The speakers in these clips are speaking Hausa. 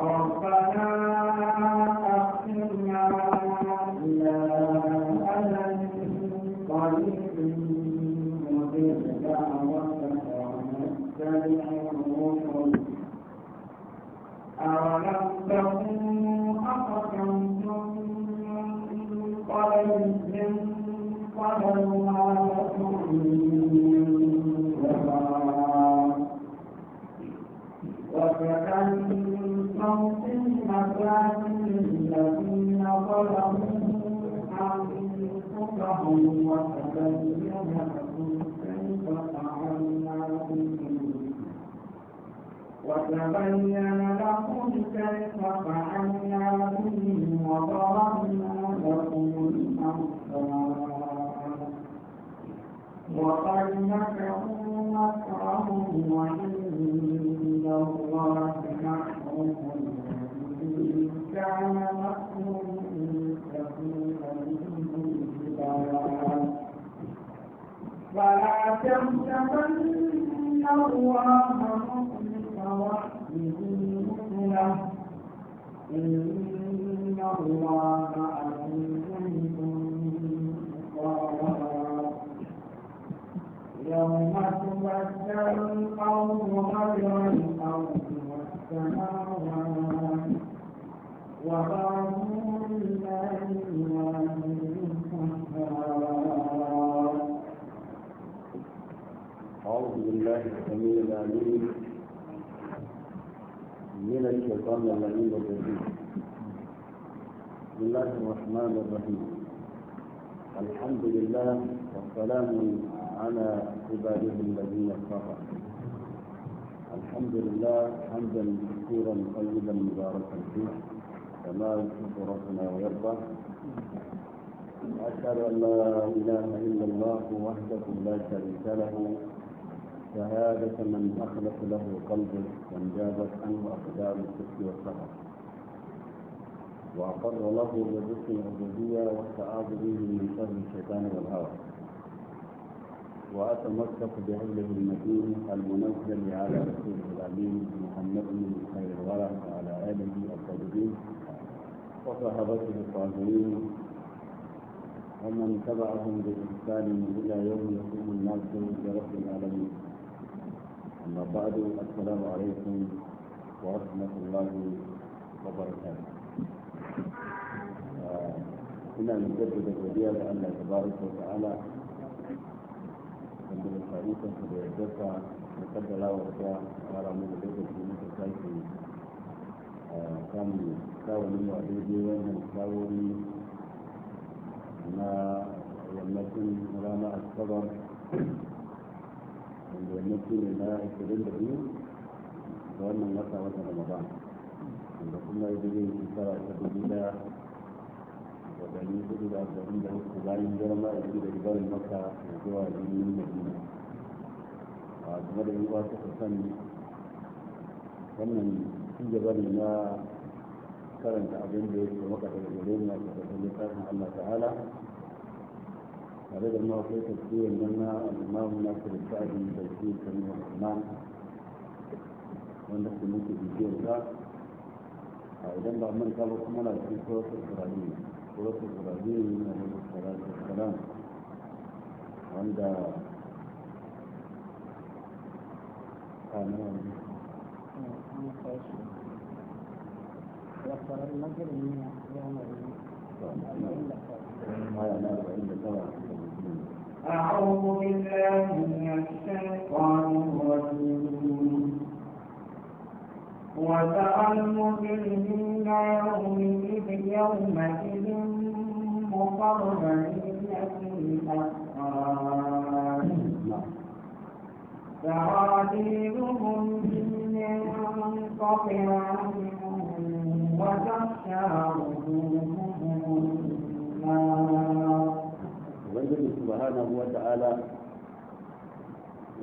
ربنا وتبين يوم تبدل الأرض غير الأرض والسماوات وقالوا لله أعوذ بالله السميع العليم من الشيطان اللعين الرجيم بسم الله الرحمن الرحيم الحمد لله والسلام على عباده الذين اصطفى الحمد لله حمدا كثيرا طيبا مباركا فيه كما يحب ربنا ويرضى واشهد ان لا اله الا الله وحده لا شريك له شهادة من أخلص له قلبه وانجابت عنه أقدار الصدق والصبر وأقر له بالرزق العبودية والتعاض به من شر الشيطان والهوى وأتمسك بحبه المتين المنزل على رسوله الأمين محمد بن خير الورى وعلى آله الطيبين وصحابته الطاهرين ومن تبعهم بإحسان إلى يوم يقوم الناس برب العالمين أما بعد السلام عليكم ورحمة الله وبركاته هنا آه، نجدد الوديع لأن تبارك وتعالى عند الخريطة في الجزء نقدر لا وقع على من الجزء في الجزء كان كاو من وعديدي ومن كاوري ما يمكن ملامة الصبر wannan shi ne na 22 da wannan wata wata ramadan wanda kuma ya zai yi shekara ta dubu daya da gani hudu da arba'in da uku bayan girma da shi da ibarin maka da zuwa birnin madina a kuma da yiwuwa suka wannan shi gaba ne na karanta abin da ya ke maka daga gare ni a cikin littafin allah ta'ala tare da ma akwai tafsirin nan na al'imamu na kirkari da ke kan rahman wanda kuma ke bibiyar sa a idan ba ba kuma na cikin suratul ibrahim suratul ibrahim na da salatu wassalam wanda kanan وترى المجرمين يومئذ ما ينال عند الله أعوذ بالله من الشيطان الرجيم وترى المجرمين يومئذ يومئذ مقربين في الأسرار سرابيلهم من قطران وتخشى وجوههم النار ubangiji subhanahu wa ta'ala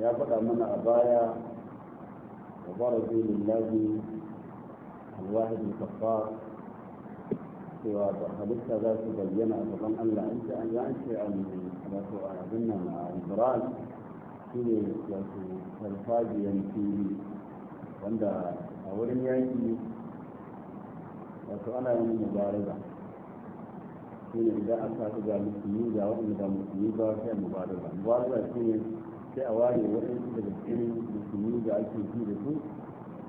ya faɗa mana a baya wa farazu lillahi alwahid al cewa ba halitta za su bayyana a gaban Allah an ce an an ce an wato a abin nan a Ibrahim shi ne wato farfajiyan fili wanda a wurin yaki wato ana yin mubaraza shi ne idan aka su ga musulmi ga waɗanda ba musulmi ba sai ba da shi ne sai a ware waɗansu daga cikin musulmi da ake ji da su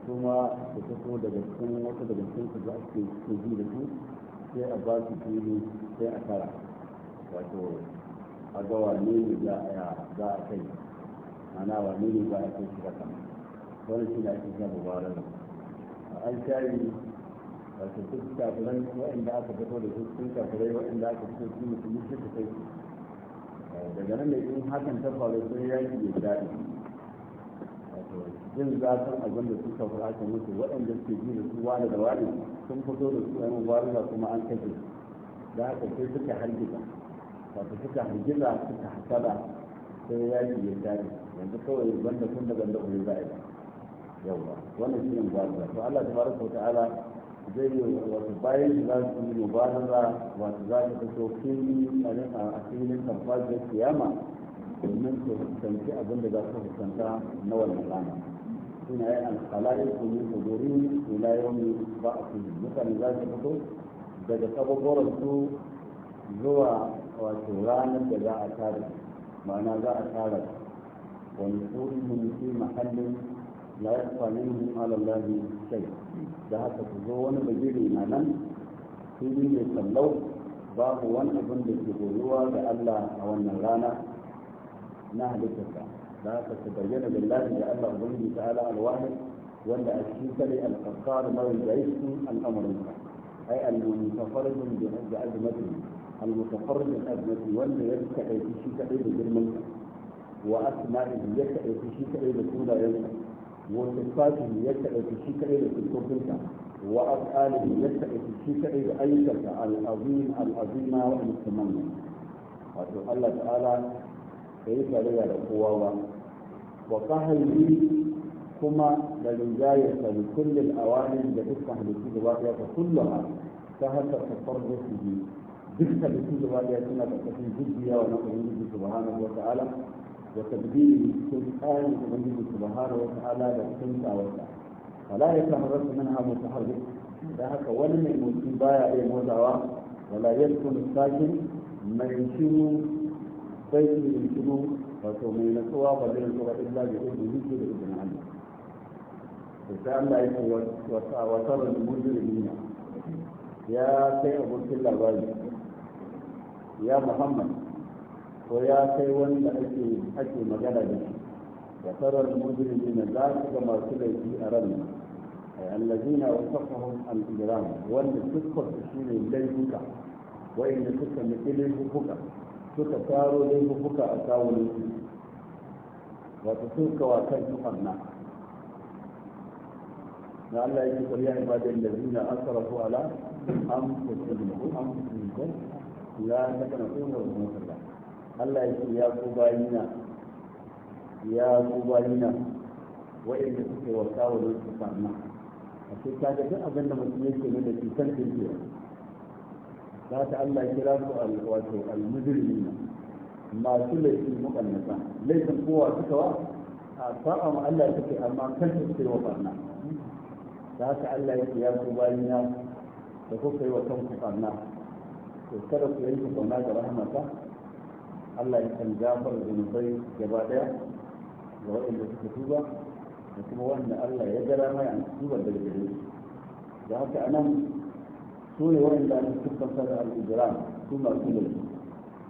kuma da taso daga cikin wata daga cikin su da ake ji da su sai a ba su fili sai a tara wato a ga wane ne za a kai ana wane ne za a kai shi da kama wani shi ne ake sa ba an shayi. wato duk kafiran waɗanda aka fito da su cikin kafirai waɗanda aka fito su musulmi suka kai daga nan da in hakan ta faru sai ya yaki bai daɗi wato jin zafin abin da suka fi haka musu waɗanda suke ji da su wani da wani sun fito da su yan warila kuma an kashe da haka sai suka hargiza wato suka hargiza suka hasada sai ya yaki bai daɗi yanzu kawai banda sun da banda ku yi za'a yau ba wannan shi ne ba to Allah ta tabaraka wa ta'ala zai yi wasu bayan shi za su yi mubarara wasu za su fito fili a filin kamfani da kiyama domin su fuskanci abin da za su fuskanta na wannan rana suna yi alhalari su yi kuduri ila yau ne ba a fili mutane za su fito daga sababoran su zuwa wato ranar da za a tara ma'ana za a tara wani su mun mahallin la yakfa minhum ala allahi shay'a da haka ku zo wani bagiri na nan fili mai sallau babu wani abin da ke goyuwa da Allah a wannan rana na halittarsa da haka su bayyana billahi da Allah ubangiji ta'ala alwahid wanda a cikin kare alfakar mara jaisu al'amarinsa ai al-mutafarrijin da azmati al-mutafarrijin azmati wanda ya kaɗaici shi kaɗai da girmansa wa asma'i ya kaɗaici shi kaɗai da sunayensa وصفاته يتعب في كعيد في الكفر وأفعاله يتعب في كعيد أيضا العظيم العظيمة والمتمنى wato Allah ta'ala da yi tarayya da kowa ba wa kuma da linjayar ta da kullum awalin da dukkan halittu gaba ɗaya ta kullum ta hantar ta farko suna da wa na ubangiji subhanahu ta'ala وتبديل القرآن لله سبحانه وتعالى للسمع والسمع فلا يتحرك منها متحرك ذاك ولم يكن بايع الموضع ولا يسكن الساكن من شنو بيت من شنو وتومين سوى فبين سوى إلا بإذنه بإذن عنه فسأل الله وترى المجرمين يا سيد الله يا محمد ko ya kai wanda ake ake magana da shi da tarar mujrimina za su ga masu laifi a ran allazina wasafahum al-ijram wanda suka su ne laifuka wa'inda suka nufi laifuka suka taro laifuka a kawunan su wato suka wasan su farna na Allah ya ce kuri ya ibadan da zina asarafu ala an fusilmu an fusilmu ya ta kana tsohon musulma Allah ya ce ya ku bayina ya ku bayina wa'inda suke wasa wa don su sanna a ce ka ga duk abin da mutum yake ne da cutar da za ta Allah kira su wato al-mujrimina masu laifin mukannata laifin kowa suka wa a sa'a ma Allah ya ce amma kan su ce wa barna za ta Allah ya ce ya ku bayina da kuka yi wa kanku barna to kada ku yanke barna ga rahmata Allah ya kan gafar zunubai gaba daya ga waɗanda suka tuba da kuma wanda Allah ya gara mai an tuba daga gare da haka anan su ne waɗanda an tukkanta da al'ijira su masu laifi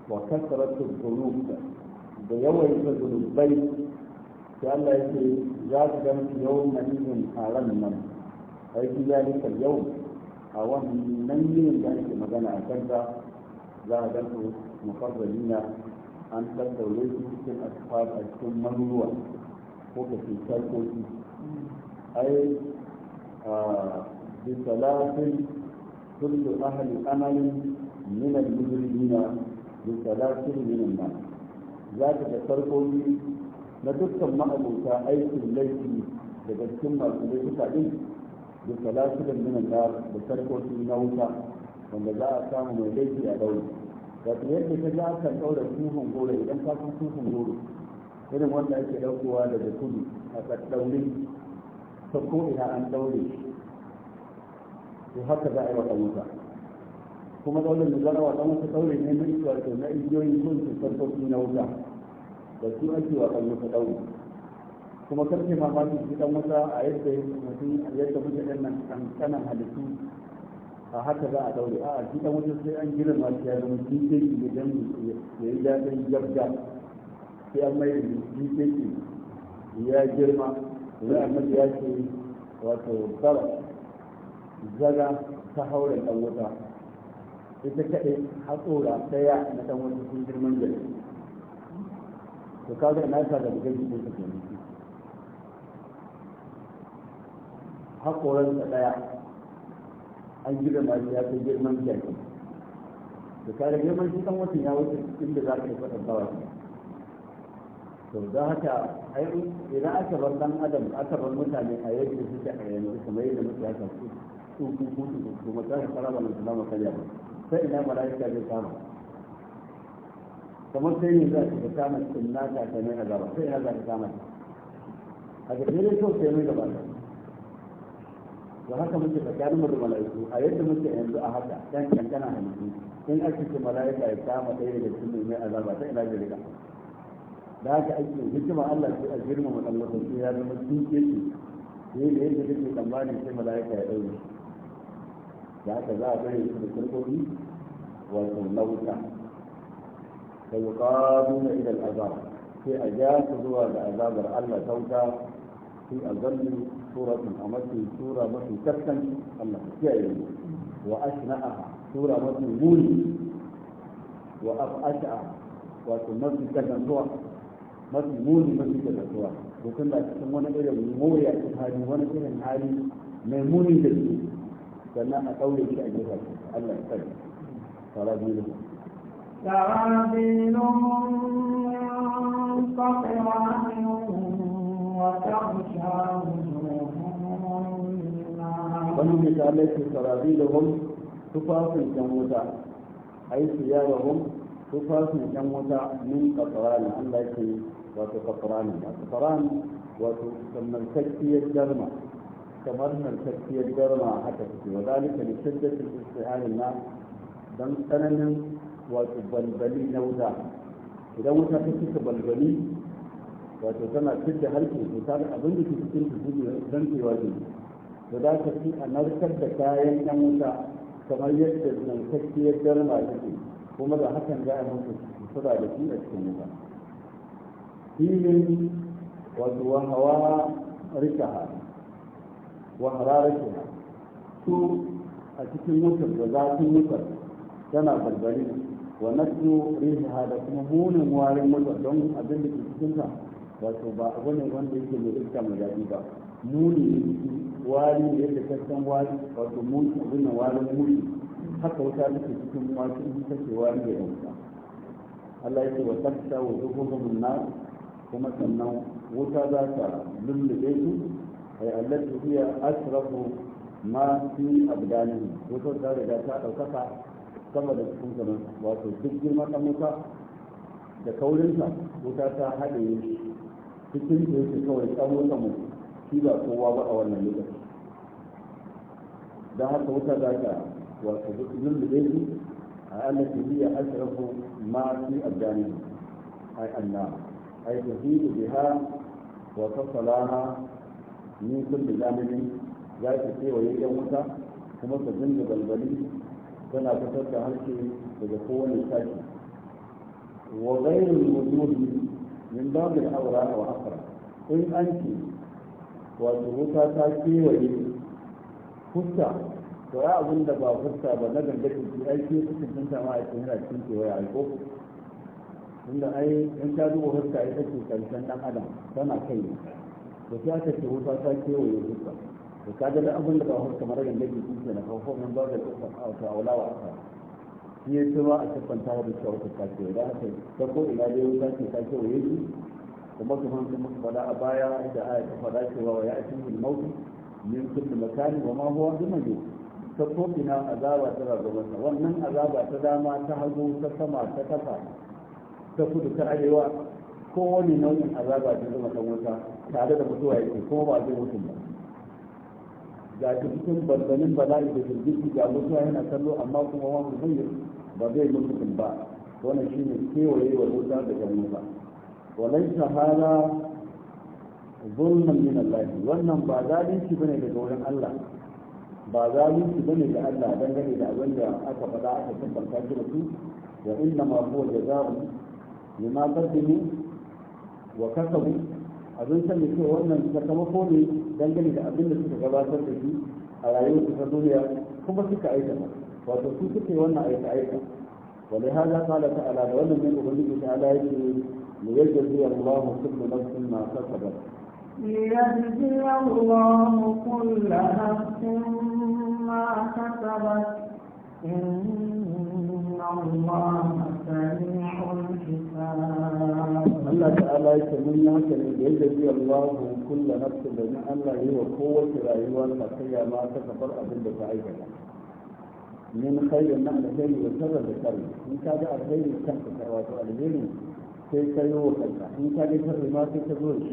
wa kasaratu zunub da yawaita zunubai sai Allah ya ce za su ga mutu yau na izin a nan aiki nika yau a wannan yin da ake magana a kanta za a gantu mukarrabina an tattaunai su cikin asfar a cikin manuwa ko ka ce sarkoki ai bi salatin kullu ahli amalin minan al-mujrimina bi salatin minan nan nar za ka ga sarkoki na dukkan ma'abota aikin laifi daga cikin masu laifuka din bi salatin min an da sarkoki na wuta wanda za a samu mai laifi a dauri wato yadda ka za kan ɗaura tuhun goro idan ka san tuhun goro irin wanda ake ɗaukowa daga kudu a ɗaɗɗaure ta ko ina an ɗaure to haka za a yi wa ɗanuka kuma ɗaurin da za a wa ɗanuka ɗaure ne na isuwa to na igiyoyin sun su sarfafi na wuta da su ake wa ɗanuka ɗaure kuma karfe mamaki su ɗan wuta a yadda mutum yadda mutum ɗan nan ƙanƙanan halittu a haka za a daure a shi dan wajen sai an gina shi ya zama dikeki ne dan ya yi daɗin yabda sai an mai dikeki ya girma za a mai ya ce wato tsara zaga ta haure dan wuta ita kaɗai hatsora ɗaya na dan wajen sun girman gari to kaga na sa da bugai ne ke ne hakoran ɗaya an gida ma ya kai girman jaki da kare girman shi kan watan ya wuce inda za ka yi bawa. to don haka idan aka bar dan adam aka bar mutane a yadda suke a yanzu kamar yadda muke haka su tsuku kutu to mata ka fara ba mutum kariya ba sai ina malaika zai kama kamar sai ne za ka kama sunna ta kai mai azaba sai ina za ka kama a ga dai sai mai gaba to haka muke tsakanin da mala'iku a yadda muke yanzu a haka dan kankana hannu in aka ce mala'ika ya kama ɗaya daga cikin mai azaba ta ina jirga da haka ake hikima Allah sai a girma matsalolin sai ya zama kinke shi sai da yadda kake tsammanin sai mala'ika ya ɗaure da haka za a bari su da kurkuri wato Ta yi yuqaduna na al-azab sai a ja su zuwa ga azabar Allah sauta a azalli سورة أمتي سورة مثل كتن الله كيئي وأشنأها سورة متي مولي وأفأشأ وتمتي كتن سورة مثل مولي مثل كتن سورة وكنا تسمون إلى موريا يعني هذه وانا إلى من مولي دليل سنة أقول شيء جهة الله صلاة سرابيلهم سرابيلهم من صفران وتغشى wani misalai Allah ke sarabi da hum tufafin yan wuta ai su ya da hum tufafin yan wuta min kafarani Allah ke wato kafarani ba kafarani wato kamar kakkiyar darma kamar narkakkiyar darma haka suke wa zalika li shiddatil istihalin na don tsananin wato balbali na wuta idan wuta ta cika balbali wato tana fidda harkin cuta da abin da ke cikin ta zuwa zankewa ne da za ka fi a narkar da kayan yan wuta kamar yadda zantakkiyar garma take kuma da hakan za a musu sura da shi a cikin wuta filin wato wahawa rikaha wahararrakiha su a cikin mutum da zafin wutar tana balbali wa nasu rihaha da kuma munin warin wutar don abin da ke cikinta wato ba abu ne wanda yake mai iska mai daɗi ba muni ne wari da yadda kasan wari wato mutu abin nan warin mutu haka wuta take cikin wasu in take wari da yanka Allah ya ce wa tafsa wa zuhurumun na kuma sannan wuta za ta lullube su ay allati hiya asrafu ma fi abdanihi wato ta riga ta daukaka sama da cikin sanar wato duk girma kan wuta da kaurinsa wuta ta shi cikin da yake kawai tsawon mu shi ba kowa ba a wannan lokaci don haka wuta za ta wato lullube su a allati hiya ashrafu ma fi abdani ay anna ay tuhidu biha wa ni min kulli janibin za ta kewaye yan wuta kuma ta dinga balbali tana fitar da harshe daga kowane sashi wa ghayrul wujudi min babil awra wa akhra in anti wato wuta ta kewaye fuska to ya abin da ba fuska ba na ke jiki ai ke cikin tunta ma a cikin yana ke waya ko tunda ai in ta duba fuska ita ce karshen dan adam tana kai ne to sai aka ce wuta ta kewaye fuska to ka ga abin da ba fuska mara ke jiki ke na kawo mun ba da fuska ah, a ta aula wa aka shi ya ce ba a siffanta da cewa wuta ta ce da haka ta ko ina dai wuta ce ta kewaye shi kuma kuma kuma faɗa a baya da aya ta faɗa cewa wa ya ake yin mautu min kulli makani wa ma huwa bimajid ta ko'ina azaba tana gabansa wannan azaba ta dama ta hagu ta sama ta kafa ta kudu ta arewa Ko kowane nau'in azaba ta zama kan wuta tare da mutuwa yake ko ba zai mutum ba ga shi cikin balbalin bala'i da jirgin ga mutuwa yana kallo amma kuma wa mutum ba zai mutum ba wannan shine kewaye wa wuta da gabansa walan shahara zulman min Allah wannan ba zalunci bane daga wurin Allah ba zalunci bane da Allah dangane da abin da aka faɗa aka tabbata shi da su wa inna ma huwa jazaa'u lima qaddamu wa kasabu abin sani ce wannan sakamako ne dangane da abin da suka gabatar da shi a rayuwar su ta duniya kuma suka aikata wato su suke wannan aika aika ولهذا قال تعالى ومن من أبنيه تعالى يجري ليجزي الله كل نفس ما كسبت ليجزي الله كل نفس ما كسبت إن الله سريع الحساب الله تعالى يتمنى أن يجزي الله كل نفس بما الله هو قوة رأيوة ما كسبت أبدا فعيدا من خير ما الخير وشر الخير إن كان الخير كان كسر وتؤلمين كيف يوقع إن كان الشر ما كسبوش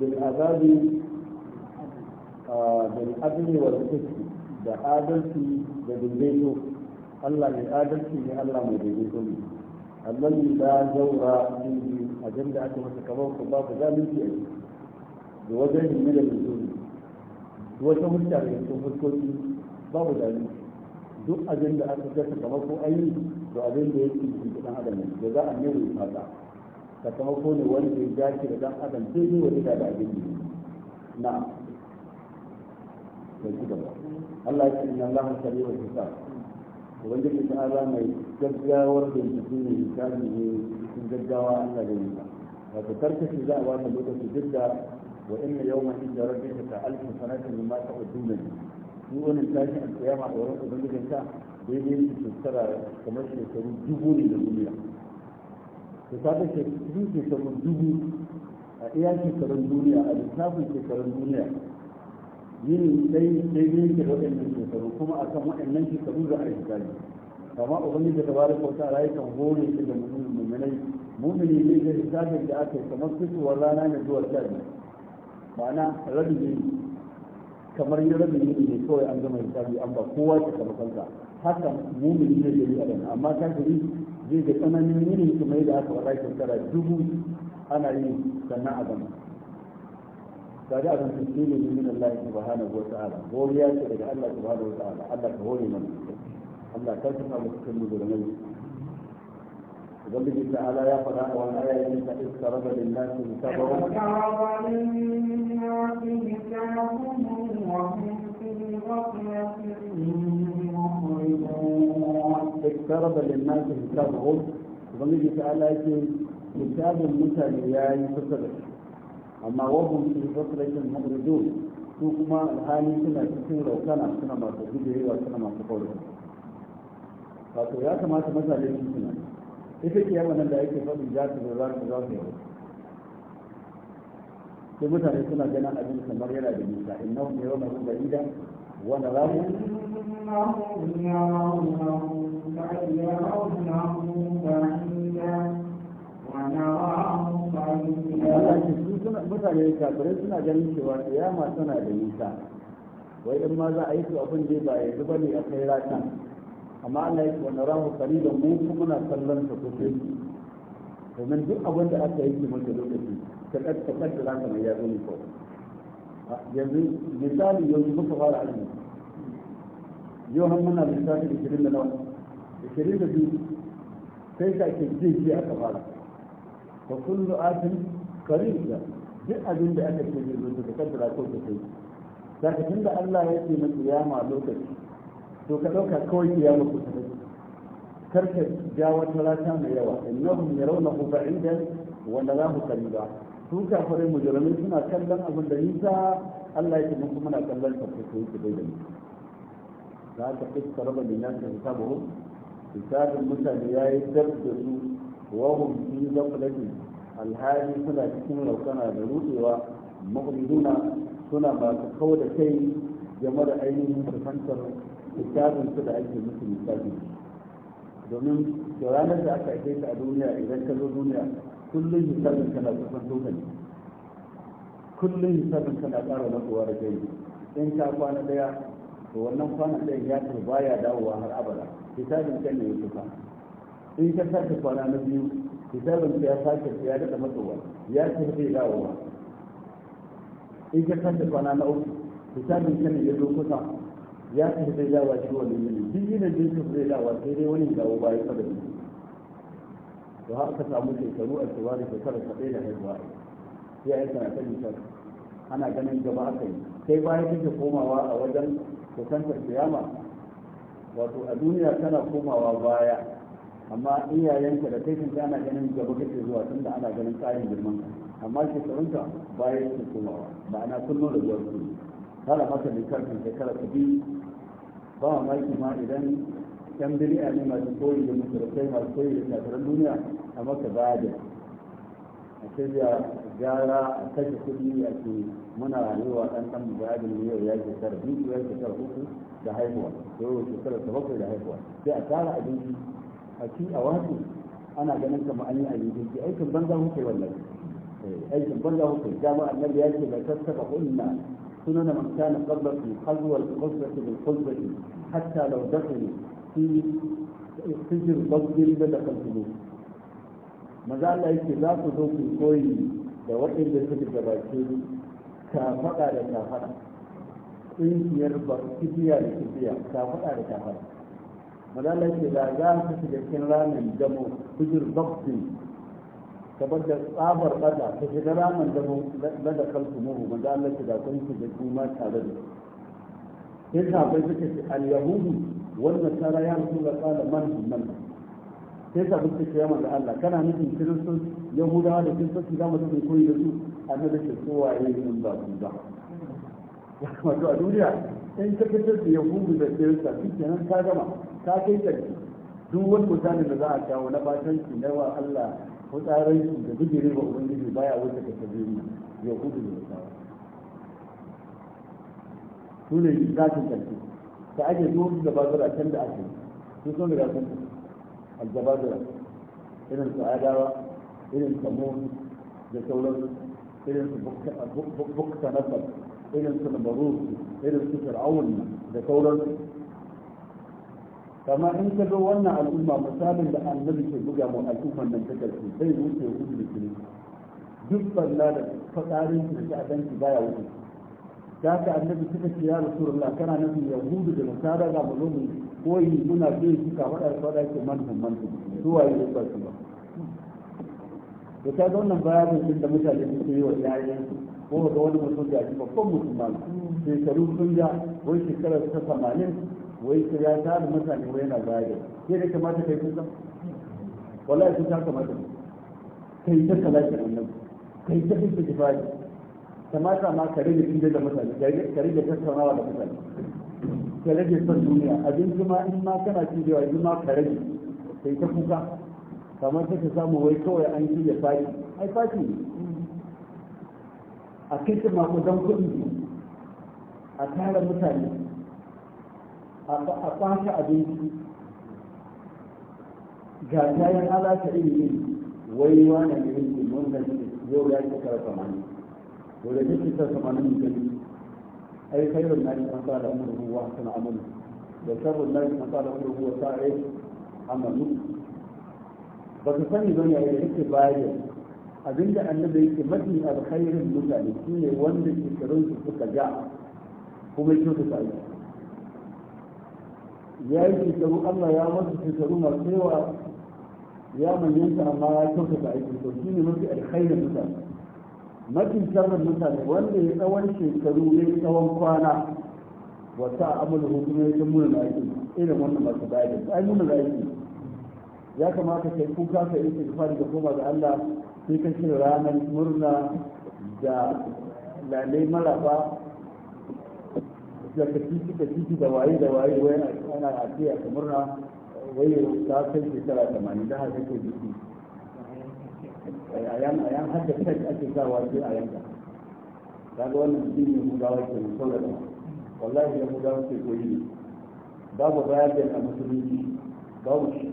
بالعذاب بالعدل والقسط da adalci da daidaito Allah mai adalci ne Allah mai daidaito ne Allah ne da zaura inji a da aka masa kamar ku ba ku zalunci a da duk abin da aka gasa kamar ko ayi to abin da yake cikin adam da za a nemi fata sakamako ne wanda ya dace da dan adam sai ne wanda da abin na sai gaba Allah ya ce inna Allahu sari'ul hisab ubangiji ta ala mai gaggawar bincike ne hisabi ne cikin gaggawa Allah da yi wato karkashi za a ba ta lokaci duk da wa inna yawma inda rabbika ta alfu sanatin mimma ta'uduna ni wannan tashi alkiyama a wurin ubangijinka daidai su tsara kamar shekaru dubu ne da duniya ta kaga cikin shekarun dubu a iya shekarun duniya a littafin shekarun duniya yin dai dai ne ke da waɗannan shekaru kuma a kan waɗannan shekaru za a yi gani kama ubangiji da bari kota rayu kan hore shi da mummunai mummuni ne da littafin da aka yi kamar fitowar rana ne zuwa sha biyu ma'ana rabi ne kamar yin rabi ne ne kawai an gama hisabi an ba kowa ta kama kansa haka mummuni ne da yi a amma kafiri zai ga tsananin yini kuma yadda aka faɗa tara dubu ana yi sannan a gama kaji abin sun ce ne min Allah ya ba hana wata ala goriya ce daga Allah ba subhanahu wata ala Allah ka hori mana Allah ka san abu cikin mu da mai Ubangiji ta'ala ya fara a wani aya yin ta iska raba lin nasi sabawun wa hum fil ghaflatin اقترب للناس حسابهم ubangiji ta ala ce hisabin mutane ya yi kusa da shi amma wahum fi fasratin mabrudu su kuma alhali suna cikin raukana suna masu gudurewa suna masu kaurawa ya kamata mutane su suna ita ke yawan da yake faɗin za su za su za su yawa mutane suna ganin abin kamar yana da nisa innahu yawma ba'ida mutane kafirai suna ganin cewa kiyama tana da nisa wai in ma za a yi su abin da ba yanzu ba ne a kai rata amma ana yi wani wa kari da mu kuma muna kallon ta kusa domin duk abin da aka yi mata lokaci ta kakkakar da zaka mai yazo ko yanzu misali yanzu muka fara azumi yau har muna lissafi shirin da nawa ishirin da biyu sai ka ke jeji a kafara fa kullu asin karin da duk abin da aka ce zai zo da kaddara ko da kai daga tun da Allah ya ce na kiyama lokaci to ka ɗauka kawai kiyama ku ta kar ka ja wata rata mai yawa ya rauna innahum wanda za wa narahu ba, su kafirai mujrimai suna kallon abin da nisa Allah ya ce mun kuma na kallon ka ko ku da ni za ka fiskara da dinan ka hisabuhum misalin mutane ya yi dab da su wahum fi zaflati alhali suna cikin laukana da rudewa mu'minuna suna masu kawo da kai game da ainihin fahimtar misalin su da ake musu misali domin da ranar da aka aike ta a duniya idan ka zo duniya kullum misalin kana kusan doka kullum misalin kana ƙara matsuwa da kai in ka kwana ɗaya, to wannan kwana ɗayan ya baya dawowa har abada hisabin kan ne yake fa in ka sake kwana na biyu hisabin ya sake ya daɗa matsowa ya ce zai dawowa in ka sake kwana na uku hisabin kan ne ya zo kusa ya ce zai dawowa shi wani ne, duk yinin da yusuf zai dawowa sai dai wani dawo ya kada biyu. to har ka samu shekaru a tsawari da shekara ka da haihuwa sai ya yi ta nisa ana ganin gaba aka yi sai bayan kake komawa a wajen kusantar kiyama wato a duniya tana komawa baya amma iyayenka da kai kanka ana ganin gaba kake zuwa tunda ana ganin tsarin girman amma amma shekarunka baya su komawa ma'ana kullum da zuwa su kala maka littafin shekara ta biyu ba maki ma idan yan biliya ne masu koyi da musulunci masu koyi da shafirar duniya a maka baya da a shirya gyara a kashe kuɗi a ke muna rayuwa ɗan ɗan mujahidin ne yau ya shekara biyu ya shekara uku da haihuwa yau shekara ta bakwai da haihuwa sai a tara abinci a ci a wasu ana ganin kamar an yi abinci aikin banza hukai wallahi aikin banza hukai dama annabi ya ce la tattaba kunna سنن من كان قبلكم خلو القصة بالقصة حتى لو دخلوا في سجن ضد لدخلتموه maza Allah yake za ku zo ku koyi da waɗanda suka gabace kafaɗa da kafaɗa ƙungiyar ba kibiya da kibiya kafaɗa da kafaɗa maza Allah yake da za su shiga cikin ramin damo hujur babtin kamar da tsabar bada ta shiga ramin damo na da kansu muhu maza Allah yake da kun shiga kuma tare da sai kafai suka suke al-yahudu wannan sara ya ga tsala man man sai ka bin take yamma da Allah kana nufin kiristoci yahudawa da kiristoci za mu tafi koyi da su annabi ce so waye in ba su ba wato a duniya in ka fitar da yahudu da kirista shi kenan ka gama ka kai ƙarshe duk wani misali da za a kawo na batanci na wa Allah ko fitsaranci da bijire ba ubangiji baya wuce ka ya yahudu da kirista su ne zakin ƙarshe ta ake zuwa da bazara can da ake su sun da gasar aljabadura irin su adawa irin samuni da sauran irin su bukta nasar irin su nabarusu irin su fir'aun da sauran kama in ka zo wannan al'umma misalin da annabi ke buga mu al'umman nan ta karshe zai wuce hudu da kiri duk balla da fasarin da ta danki baya wuce da haka annabi suka ce ya rasulullah kana nufin yahudu da nasara za mu zo mu koyi suna bin su ka faɗa faɗa ke mantan mantan su waye ne ba su ba da ta zauna bayanin din da mutane suke yi wa yayin ko ga wani mutum da ake babban mutum ba shekaru sun ga wai shekarar ta samanin wai ta ya tara mutane wai yana da kamata kai kusa wallahi sun ta kamata kai ta talatin annabi kai ta fita jifari kamata ma ka rage da mutane ka rage tattaunawa da mutane ka rage son duniya abinci ma in ma kana ci da yawa ma ka rage kai ta kuka kamar ta samu wai kawai an ci shirya fari ai faki ne a kai ta dan kuɗi a tara mutane a kwashe abinci ga kayan alaka iri wai wani ne yake ne yau ya ci kara samani to da kake sa samanin mutum أي خير الناس من قال أمره هو أحسن عمله وشر الناس من قال أمره هو سائر عمله فتصني بني أي حكي باية أبنج أن نبي كمتني الخير المتعلم كيني وندي كترون تفتك جاء ومجنو تفعل يا إيش يترو الله يا مرد تترون السيوة يا من ينسى ما يترون تفعل كيني مرد الخير المتعلم mafi sharrin mutane wanda ya tsawon shekaru ya yi tsawon kwana wata amul hukumar ya muna aiki irin wannan masu bayan ai muna aiki ya kamata kai kuka ka yi istighfar da koma ga Allah sai ka shi ranar murna da lalai maraba da ka titi ka titi da waye da waye waye ana a kamar na ta kai shekara 80 da haka ke biki a yan a yan hadda kai ake sa sai a yanka kaga wannan shi ne mu dawo ke mu saboda wallahi da mu dawo ke koyi babu da a musulunci babu shi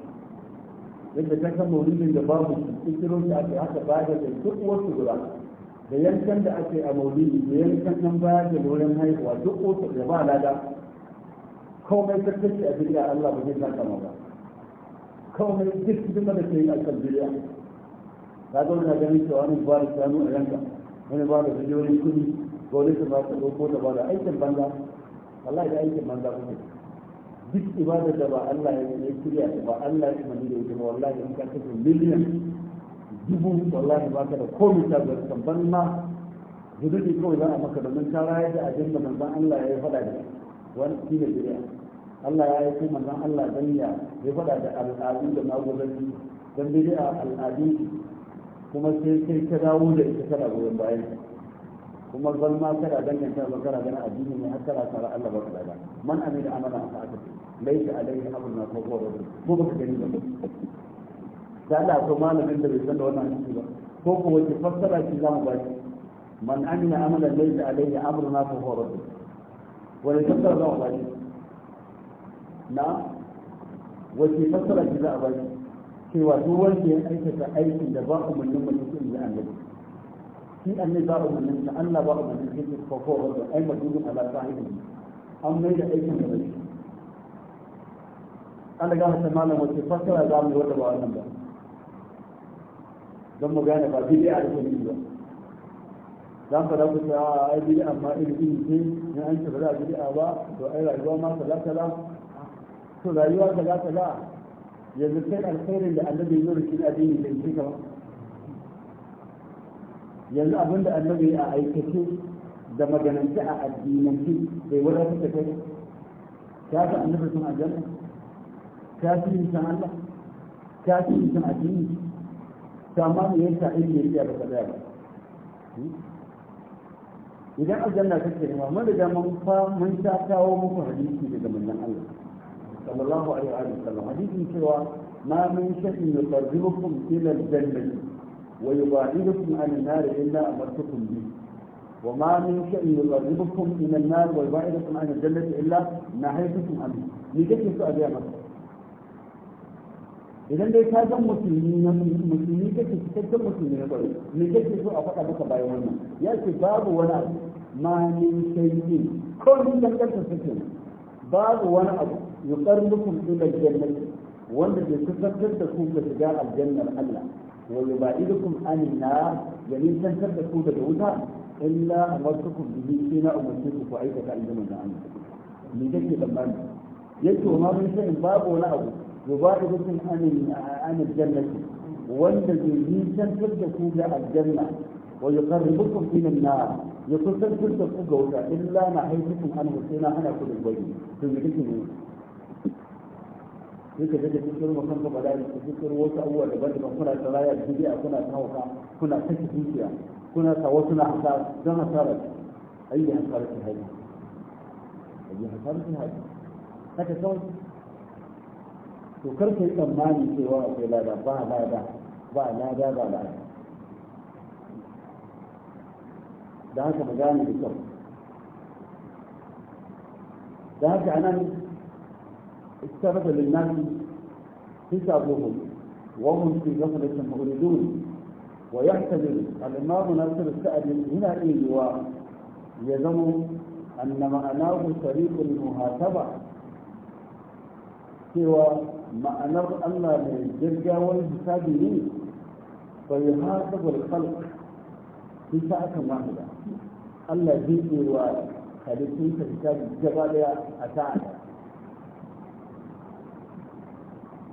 yadda ta kan maulidin da babu shi kirkiro shi ake haka baya da duk wasu guda da yankan da ake a maulidi da yankan nan baya da wurin haihuwa duk wasu da ba lada komai karkashi a duniya Allah ba zai saka ba komai duk hidima da ke yi a kan duniya ka zo na ganin cewa wani ba da shanu a yanka wani ba da biliyoyin kudi ko wani ba ta ko da ba da aikin banza wallahi da aikin banza kuke duk ibada da ba Allah ya yi shirya ta ba Allah ya mani da ita ba wallahi in ka kace miliyan dubu wallahi ba ka da komai ta ga kan ma zuzuki kawai za a maka domin ta rayar da abin da manzon Allah ya yi faɗa da wani shi ne shirya Allah ya yi kuma manzon Allah dan ya ya faɗa da al'adu da magudanci dan bid'a al'adu kuma sai sai ta dawo da ita kana goyon bayan kuma zan zalma kana danganta ba kana gana addini ne har kana tsara Allah ba kada man amina amana fa aka laisa alaihi amruna fa huwa rabb ko ba baka gani ba da Allah ko malamin da bai san da wannan hadisi ba ko ko wace fassara ce zamu ba shi man amina amalan laisa alaihi amruna fa huwa rabb wani fassara zamu ba shi na wace fassara ce za a ba cewa duk wanda ya aikata aikin da ba umarnin mutum da annabi shi annabi ba umarnin da Allah ba umarnin da yake kofo wanda ai madudun ala sahibi an mai da aikin da bai an daga masa malam wace fasara za mu yi wata ba wannan ba don mu gane ba bidai a rikin ba za mu fada ku ta ai bidai amma iri iri ce in an ce ba za a bidai ba to ai rayuwa ma kaza kaza to rayuwa kaza kaza yanzu kai alkhairin da annabi ya zo da shi addini da shi kama yanzu abin da annabi a aikace da maganance a addinanci bai wadatar da kai ka fi annabi sun aljanna ka fi yin san Allah ka fi yin san addini amma me yasa ilimi ya da ka ba idan aljanna kake nema mun riga mun fa mun ta kawo muku hadisi daga manzon Allah sallallahu alaihi wa sallam hadisin cewa ma idan dai ka zan musulmi na musulmi kake cikakken musulmi na kwarai me kake so a faɗa maka bayan wannan ya ce babu wani abu ma ko babu wani abu yuqarribukum ila al-jannati wanda ke kusantar da ku ga shiga aljannar Allah wa yubaidukum anin nar ya nisantar da ku daga wuta illa amartukum bihi sai na umarce ku aikata aljannar da Allah me kake tsammani yake wa ma mun sai babu wani abu yubaidukum anin anin jannati wanda ke nisantar da ku ga aljanna wa yuqarribukum ila an-nar ya kusantar da ku ga wuta illa na haifukum an husayna ana ku da gwaji to me kake ne yake da cikin mutum kanka ba dai cikin wasu abubuwa daban daban kuna ta raya bidiya kuna ta hauka kuna ta dukiya kuna ta wasu na hasa don hasara ayi hasara ta hadi ayi hasara ta hadi haka kawai to karfe tsammani cewa akwai lada ba lada ba lada ba lada da haka magana da kyau da haka anan استبد للناس حسابهم وهم في غفلة مؤردون ويحتمل الإمام ناصر السعدي هنا إيجوا يزم أن معناه طريق المهاتبة سوى معناه الله من والحساب والحسابين فيحاسب الخلق في ساعة واحدة الله يجيب وخليفه في كتاب الجبال أتاعنا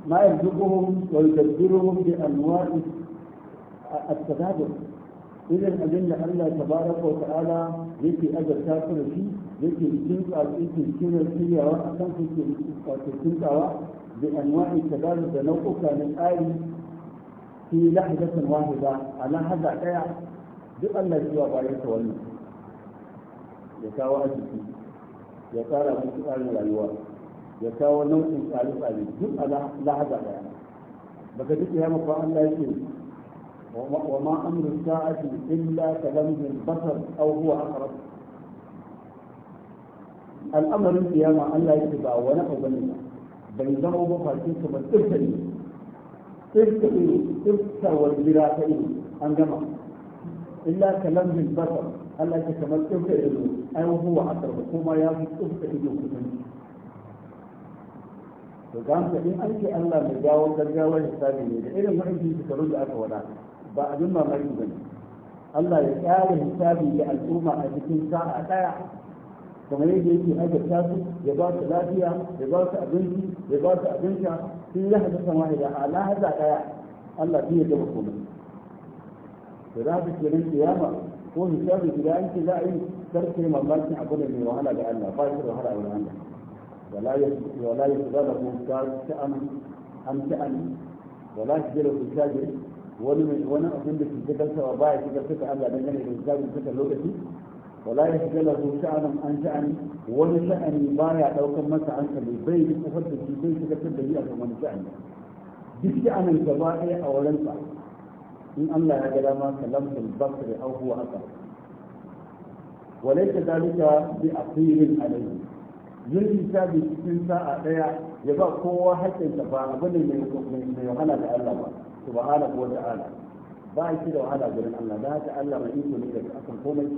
ما يرزقهم ويدبرهم بانواع التبادل اذا اجل الا تبارك وتعالى يجي اجل كافر في يجي الجنس او يجي الجنس في يوم اكثر بانواع التبادل بنوع كان الاي في لحظة واحدة على هذا الايه بان الجوع بعد التولي يا يتارى في سؤال الالواح ya kawo nau'in tsare-tsare duk a lahaza daya baka duk ya mafa Allah yake wa ma amru sa'ati illa kalamul basar aw huwa aqrab al'amarin kiyama Allah yake ba wani abu bane bai zama ba face ka ba tsirka ne tsirka ne tsirka wa jira ta ne an gama illa kalamul basar Allah yake kamar tsirka ne ai huwa aqrab kuma ya fi tsirka ido kusanci to ga mu in an ce Allah mai gawo gaggawar hisabi ne da irin wa'azi shekarun da aka wada ba abin mamaki ba ne Allah ya tsara hisabi da al'umma a cikin sa'a ɗaya kamar yadda yake azurta su ya ba su lafiya ya ba su abinci ya ba su abin sha sun yi hadasa wahida a lahaza daya Allah zai ya gama komai to za ka kenan kiyama ko hisabi guda an ce za a yi karfe mamakin abu da mai wahala ga Allah ba shi wahala a wurin Allah ولا يشغله شأن عن شأن ولا يشغله التاجر wani abin da ke gagarsawa ba ya shigar suka Allah don gane da zaɓin suka lokaci wala ya shiga lahu sha'anin an sha'ani wani sha'ani ba ya ɗaukar masa hankali bai yi kufar da shi bai shigar da a kan wani sha'ani duk sha'anin gaba ɗaya a wurinsa in Allah ya ga dama kalamtul basri au huwa aka walaita yin hisabi cikin sa'a daya ya ba kowa haƙƙin sa ba abu ne mai wahala da Allah ba subhanahu wa ta'ala ba shi da wahala gurin Allah da haka Allah mai iko ne da akan komai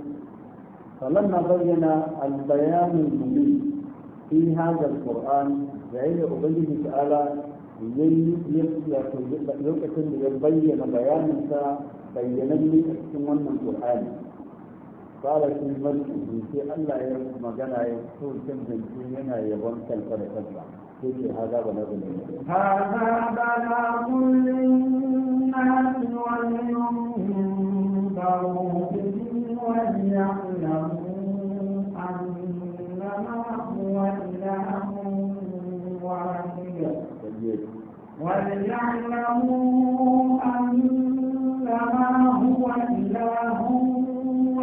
فلما بين البيان المبين في lokacin da ya bayyana تعالى يوقف يبين بيان بيان wannan القرآن kala shi mulki sai Allah ya magana ya so kin zance yana yabon kalfa da kalfa sai ce hada ba nazu ne hada ba na kullin nas wal yunzaru bihi wa وليعلموا أنما هو إله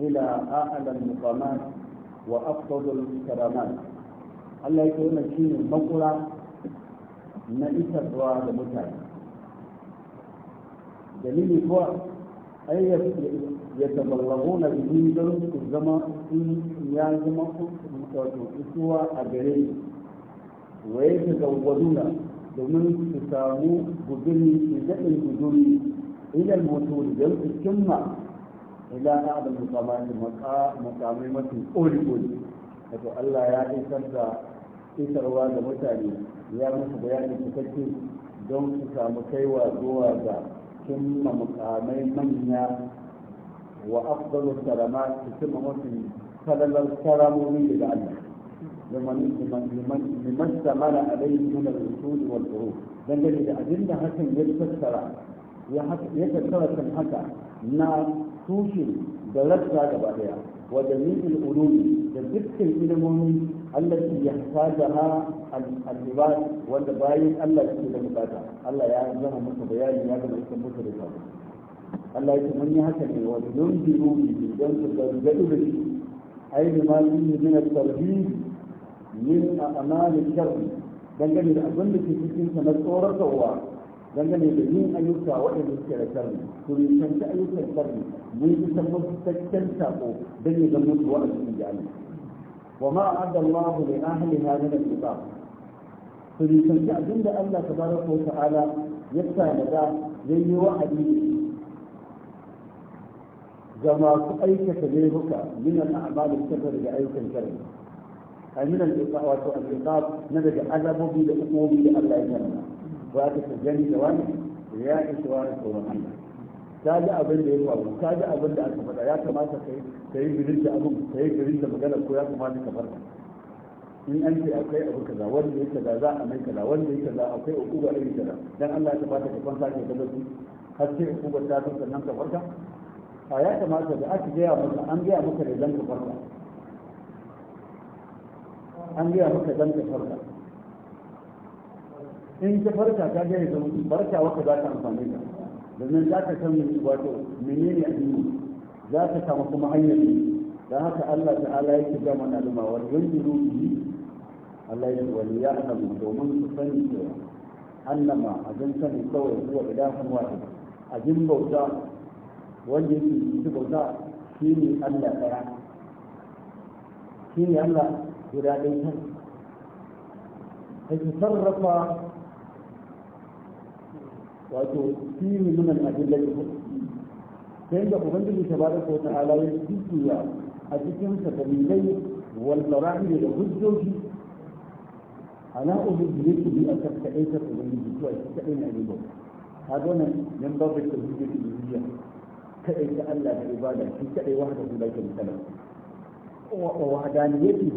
إلى أعلى wa وأفضل الكرامات Allah yake wannan shi makura na isarwa da mutane dalili kuwa ai ya taballago na biyu don su zama ya zama wato isuwa a gare ni waye ta gawwaduna domin su samu guduri su daɗin guduri idan mutum don su cimma ila na da maka mutamai mafi koli koli wato Allah ya isar da isarwa da mutane ya musu bayanin cikakke don su samu kaiwa zuwa ga cimma mutamai manya wa afdalu sarama su cimma mafi falalar karamomi daga Allah liman samana alaihi min al-usul wal furu dangane da abinda hakan ya tattara ya tattara kan haka na tushe da rassa gaba daya wa jami'ul ulumi da dukkan ilimomi allati yahtajaha al-ibad wanda bayan Allah yake da bukata Allah ya zama masa bayani ya gama isan musu da sabu Allah yake mun yi haka ne wa yunziru bi dan su da da shi ai da ma yi min at min a'mal al-sharr dangane da abin da ke cikin sa na tsoratarwa dangane da yin ayyuka waɗanda suke da karni to ne canta ayyukan karni mun yi sabon cikakken sako don ya zama mutuwa a cikin jami'a wa ma adda Allah li ahli hadha al-kitab to ne canta abinda Allah tabaraka wa ta'ala ya tanada yayi wa'adi ga masu aikata laifuka min al-a'mal al-sabr da ayyukan karni ay min al-iqab wato al-iqab na daga azabobi da hukumomi da Allah ya tanada ba ta ta gani da wani da ya ta shi wani tsoron Allah ta ji abin da ya faru ta ji abin da aka faɗa ya kamata ka yi girin da abin ka yi girin da magana ko ya kamata ka farka in an ce akwai abu kaza wanda ya kaza za a mai kaza wanda ya kaza akwai ukuba da kaza dan Allah ya kamata ka kwanta ka kaza su har sai ba ta san sannan ka farka a ya kamata da aka gaya maka an gaya maka da dan ka farka an gaya maka dan ka farka in ka farka ka ga yanzu barka wata za ta amfani ka domin za ka san wato menene addini za ka samu kuma hanyar ne don haka Allah ta'ala yake ga mana al'umma wani yunjiru bi Allah ya wani ya alamu domin su sani cewa annama jin sani kawai zuwa wata a jin bauta wanda yake su bauta shi ne Allah ɗaya shi ne Allah guda ɗaya ta sarrafa wato fiye min al'adillar ta yadda ubangiji ta ba da ko ta'ala ya jujjuya a cikin sa dalilai wal marahi da hujjoji ala ubangiji yake bi a kakkaɗe ta ubangiji to a shi kaɗai na ribo ka zo nan ba babu ta hujjoji da hujja kaɗai ta Allah da ibada shi kaɗai wahada su da ke misalar wahadaniyati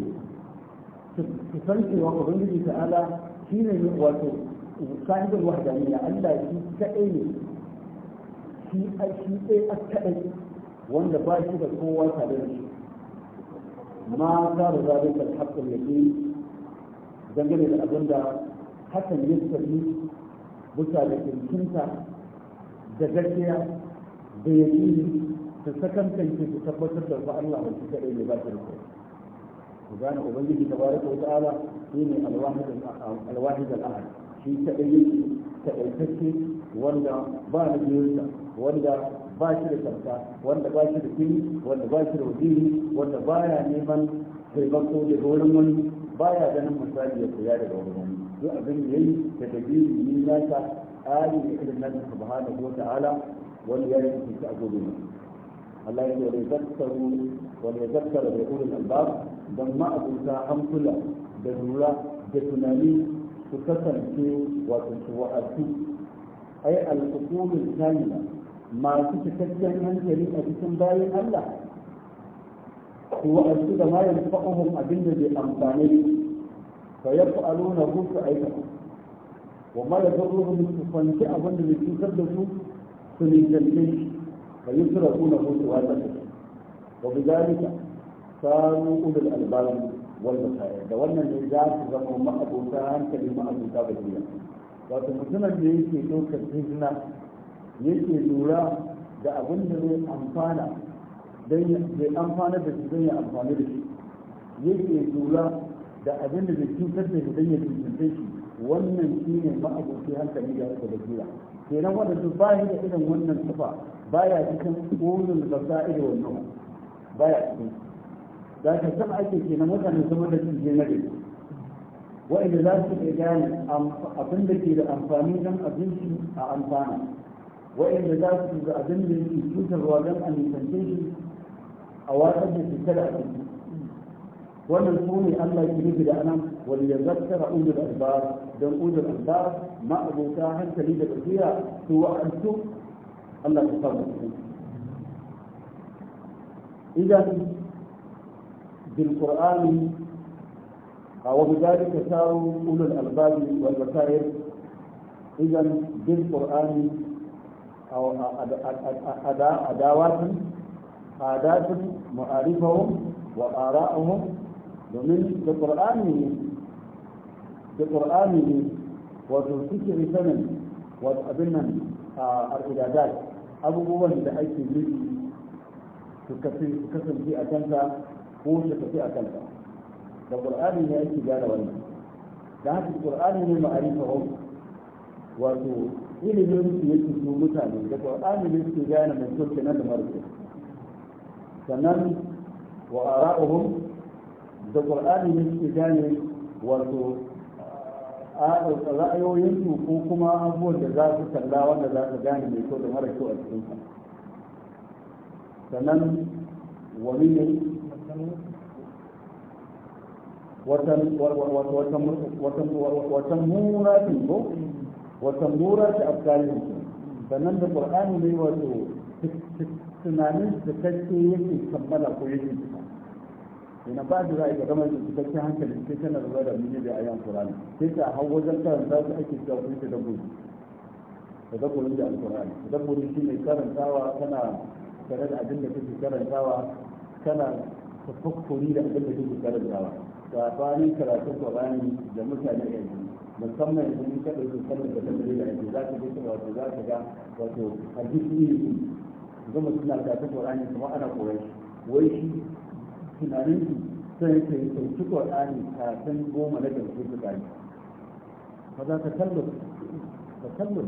su san cewa ubangiji ta'ala shine ne wato sahibul wahdaniya Allah shi kadai ne shi shi sai a kadai wanda ba shi da kowa tare da shi ma ta da zalika haqqul yake dangane da abin da hakan ya tafi buta da kirkinta da gaskiya da yake ta sakantance ta tabbatar da ba Allah ba shi kaɗai ne ba shi da ku gane ubangiji tabaraka wa ta'ala shine alwahid al-ahad shi kaɗai yake kaɗaitacce wanda ba na biyunsa wanda ba shi da sarka wanda ba shi da fili wanda ba shi da wajiri wanda ba ya neman taimako daga wurin wani ba ya ganin misali ya koya daga wurin wani duk abin da ya yi da dabiri na ta tsari ne irin nan subhanahu gota ala wani ya yi shi a gobe ne Allah ya ce wa wani ya yazakkara da ulul albab dan ma abuta hankula da lura da tunani su kasance wato su wa'azu ai al-uqulul masu cikakken hankali a cikin bayan Allah su wa'azu da ma yanfa'uhum abin da bai amfane fa yaf'aluna hu su aika wa ma yadurruhum su fanci abin da bai cutar da su su nisanci shi fa yusrafuna hu su wata wa bi zalika kanu ulul albab والبصائر da wannan ne za su zama ma'abuta hankali ma'abota ma'abuta basira wato mutumin da yake ɗaukar hijira yake lura da abin da zai amfana zai amfana da shi zai ya amfani da shi yake lura da abin da zai cutar da shi zai ya cutar shi wannan shi ne ma'abuci hankali da yake basira kenan wanda su bayan da irin wannan tufa baya cikin ulul basa'ir wannan baya cikin za ka saba ake ke na mutane zama da su je na wa'inda za su iya gane abin da ke da amfani don abinci a amfana wa'inda za su ga abin da yake cutarwa don a nisance shi a watsar da cutar da ciki wannan su ne allah ke nufi da anan wani ya zartara ulul albar don ulul albar ma'abota hankali da basira su wa'antu allah ta samu idan بالقرآن وبذلك ساروا أولو الألباب والبصائر إذا بالقرآن أو أدوات عادات معارفهم وآراءهم domin da ƙur'ani ne da ƙur'ani ne wato suke sanin wato abin a al'idadat abubuwan da ake nufi su kasance a kansa ko shi tafi a kanta da qur'ani ne yake gane wannan da haka qur'ani ne ma'arifahu wato ilimin su yake su mutane da qur'ani ne su gane mai kyau kenan da mara kyau sannan wa ara'uhum da qur'ani ne su gane wato ra'ayoyinsu ko kuma abubuwan da za su kalla wanda za su gane mai kyau da mara kyau a cikin sannan wani ne watammurati ko watammurati afkalin sannan da qur'ani ne wato tunanin da kake yake kammala ko yake ina ba da zai gama da cikakken hankali sai tana zuwa da mini da ayyan qur'ani sai ka hau wajen karanta su ake cewa ku da dabbobi tadabburin da alqur'ani shi mai karantawa kana tare da abin da kake karantawa kana tafakkuri da abin da duk karantawa karatu karatun bayani da mutane yanzu musamman idan mun kada su sanin da tafiye da yanzu za ka ji cewa wato za ka ga wato hadisi ne mutuna suna karatun Qur'ani kuma ana koyar wai shi tunanin shi sai ka yi Qur'ani bayani kafin goma na gaske su gani fa za ka kallo ka kallo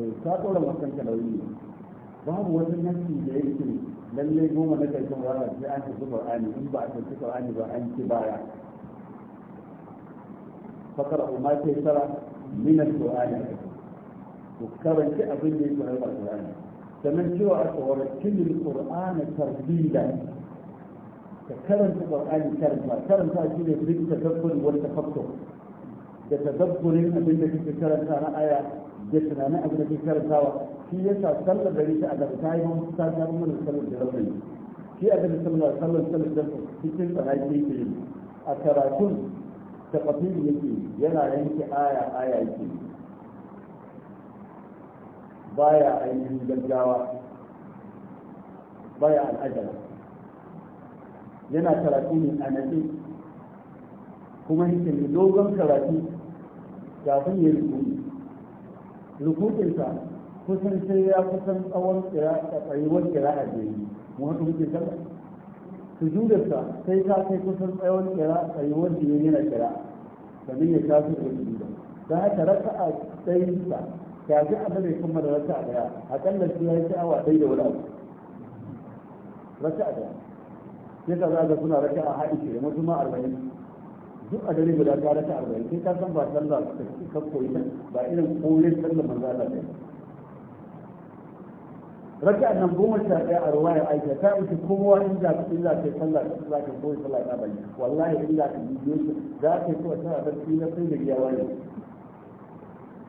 eh, ka tsora makanka nauyi babu wani nasi da yake lalle goma na karshen rana sai an tafi qur'ani in ba a tafi qur'ani ba an ci baya fakar umma ta sara min al-qur'ani ku karanci abin da yake na qur'ani sannan cewa aka wara tilil qur'ani tarbila ka karanta qur'ani karanta karanta shi ne duk tadabbur wal tafakkur da tadabburin abin da kake karanta na aya da tunanin abin da kake karantawa shi ya sa sallar da rike a daga ta yi mun ta ta mana sallar da rauni shi a da sallar sallar sallar da cikin tsanaki yake yi a karatun da kafiri yake yana yanke aya aya yake baya ainihin gaggawa baya al'ajala yana karatu ne a nake kuma yake ne dogon karatu kafin ya rikuni rikukinsa kusan sai ya kusan tsawon tsayuwar kira'a da yi wanda muke su sujudarsa sai ta kai kusan tsawon kira tsayuwar da yi na kira sannan ya tafi da sujuda ta haka a tsayinsa kaji abin da ya kuma da a daya akalla shi ya yi sha'awa ɗaya da wani abu a daya sai ka zaga suna a haɗi da mutum arba'in duk a dare guda ta raka'a arba'in sai ka san ba sallah ka koyi ba irin koyon sallah manzana Allah ne raka nan goma sha ɗaya a ruwa ya aisha ta wuce kowa in za ka in za ka yi sallah ka za ka koyi sallah ta bani wallahi in za ka bibiyo shi za ka yi kowa tana da tsira sai da biya wani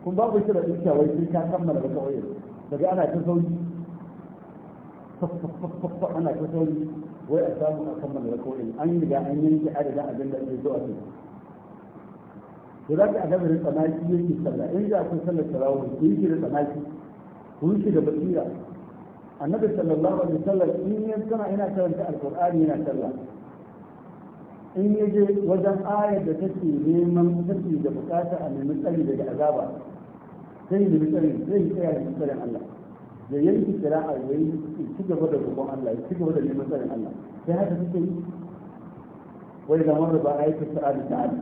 kun babu shi da dukiya wai sai ka kammala da kawai daga ana ta sauri ana ta sauri wai a samu a kammala da kawai an yi da an yanke adadin abin da ake zo a kai to za ka a gaba tsanaki yake sallah in za ku sallar tarawih ku yi shi da tsanaki ku yi shi da basira annabi sallallahu alaihi Sallar, in ya zama yana karanta alqur'ani yana sallah in ya je wajen ayar da take neman take da bukata a nemi tsari daga azaba zai nemi tsari zai tsaya da tsarin Allah da yanki kira'a ya yi ci gaba da roƙon Allah ya ci gaba da neman tsarin Allah sai haka suke yi wai da mara ba ayatu sa'adu ta'ala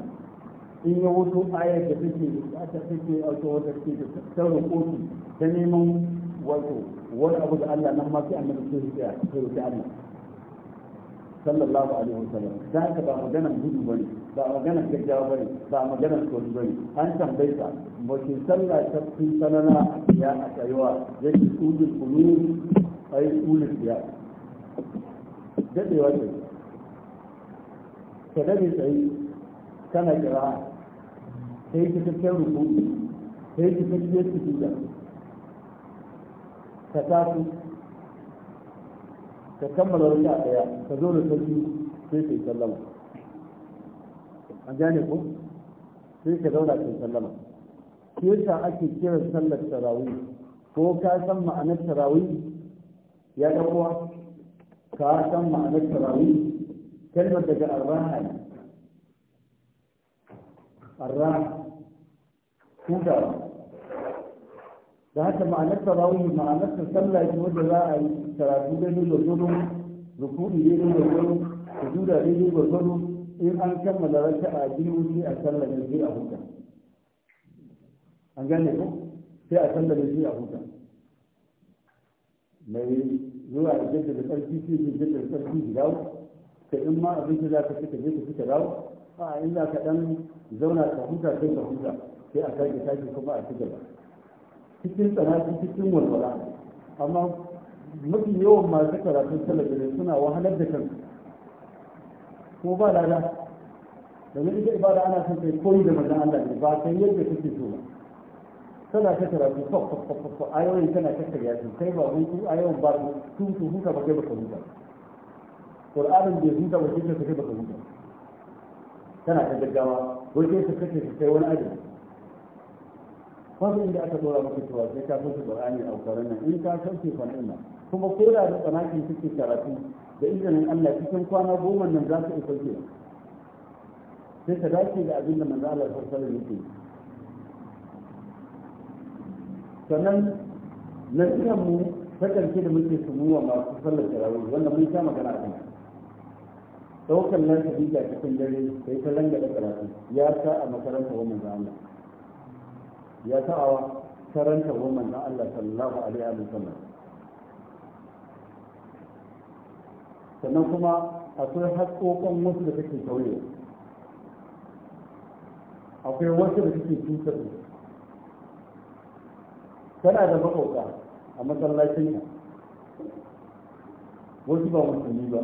in ya wato ayar da take da ta take auto wata take da ta kotu ta neman wato wani abu da Allah nan ma sai annabi sai ya sai ya Allah sallallahu alaihi wasallam da ka ba magana gudu bane ba maganar gaggawa bane ba maganar tsoro bane an tambaye ka mu ce sallah ta cikin sanana ya a tsayuwa yake ulul qulub ai ulul ya dadewa ce ka dade tsayi kana kira sai ki ta ruku sai ki ta kiyar ki ka taso ka kammala wani a daya ka zo da sarki sai ka yi sallama an gane ko sai ka zauna ka yi sallama ke yasa ake kiran sallar tarawih ko ka san ma'anar tarawih ya ga kowa ka san ma'anar tarawih kalmar daga arraha ne arraha hutawa da haka ma'anar tarawih ma'anar ta sallah ce wanda za a yi karatu daidai gwargwado rukuni da gwargwado sujuda daidai gwargwado in an kammala raka a biyu sai a sallah ne sai a huta an gane ko sai a sallah ne sai a huta mai zuwa da sarki tsarki sai ne jaddada sarki da dawo ka in ma abinci za ka ci ka je ka ci ka a inda za ka dan zauna ka huta sai ka huta sai a sake sake kuma a ci gaba cikin tsanaki cikin walwala amma mafi yawan masu karatun talabijin suna wahalar da kansu ko ba lada domin ita ibada ana son kai koyi da mazan Allah ne ba kai yadda kake so ba tana ta karatu fa fa fa fa ayoyin tana ta karya su kai ba hutu ayoyin ba su su huta ba kai ba ka huta qur'anin bai huta ba kai ba ka huta tana ta gaggawa wajen sai ka su kai wani ajin fasalin da aka dora maka cewa sai ka sauke qur'ani a wukarin nan in ka sauke fa ni'ima kuma ko da da tsanakin kake karatu da izinin Allah cikin kwana goma nan za ka iya sauke sai ka dace da abin da manzo Allah sallallahu yake sannan nasiran mu ta karshe da muke sumuwa masu sallar tarawih wanda mun sha magana a kan ɗaukar nan ta cikin dare sai ta langa da karatu ya sa a makaranta wa manzo Allah ya ta'awa karanta woman na Allah sallallahu alaihi wa sallam sannan kuma akwai haƙoƙon wasu da take sauye akwai wasu da take cutar tana da makoka a masallacin ka wasu ba musulmi ba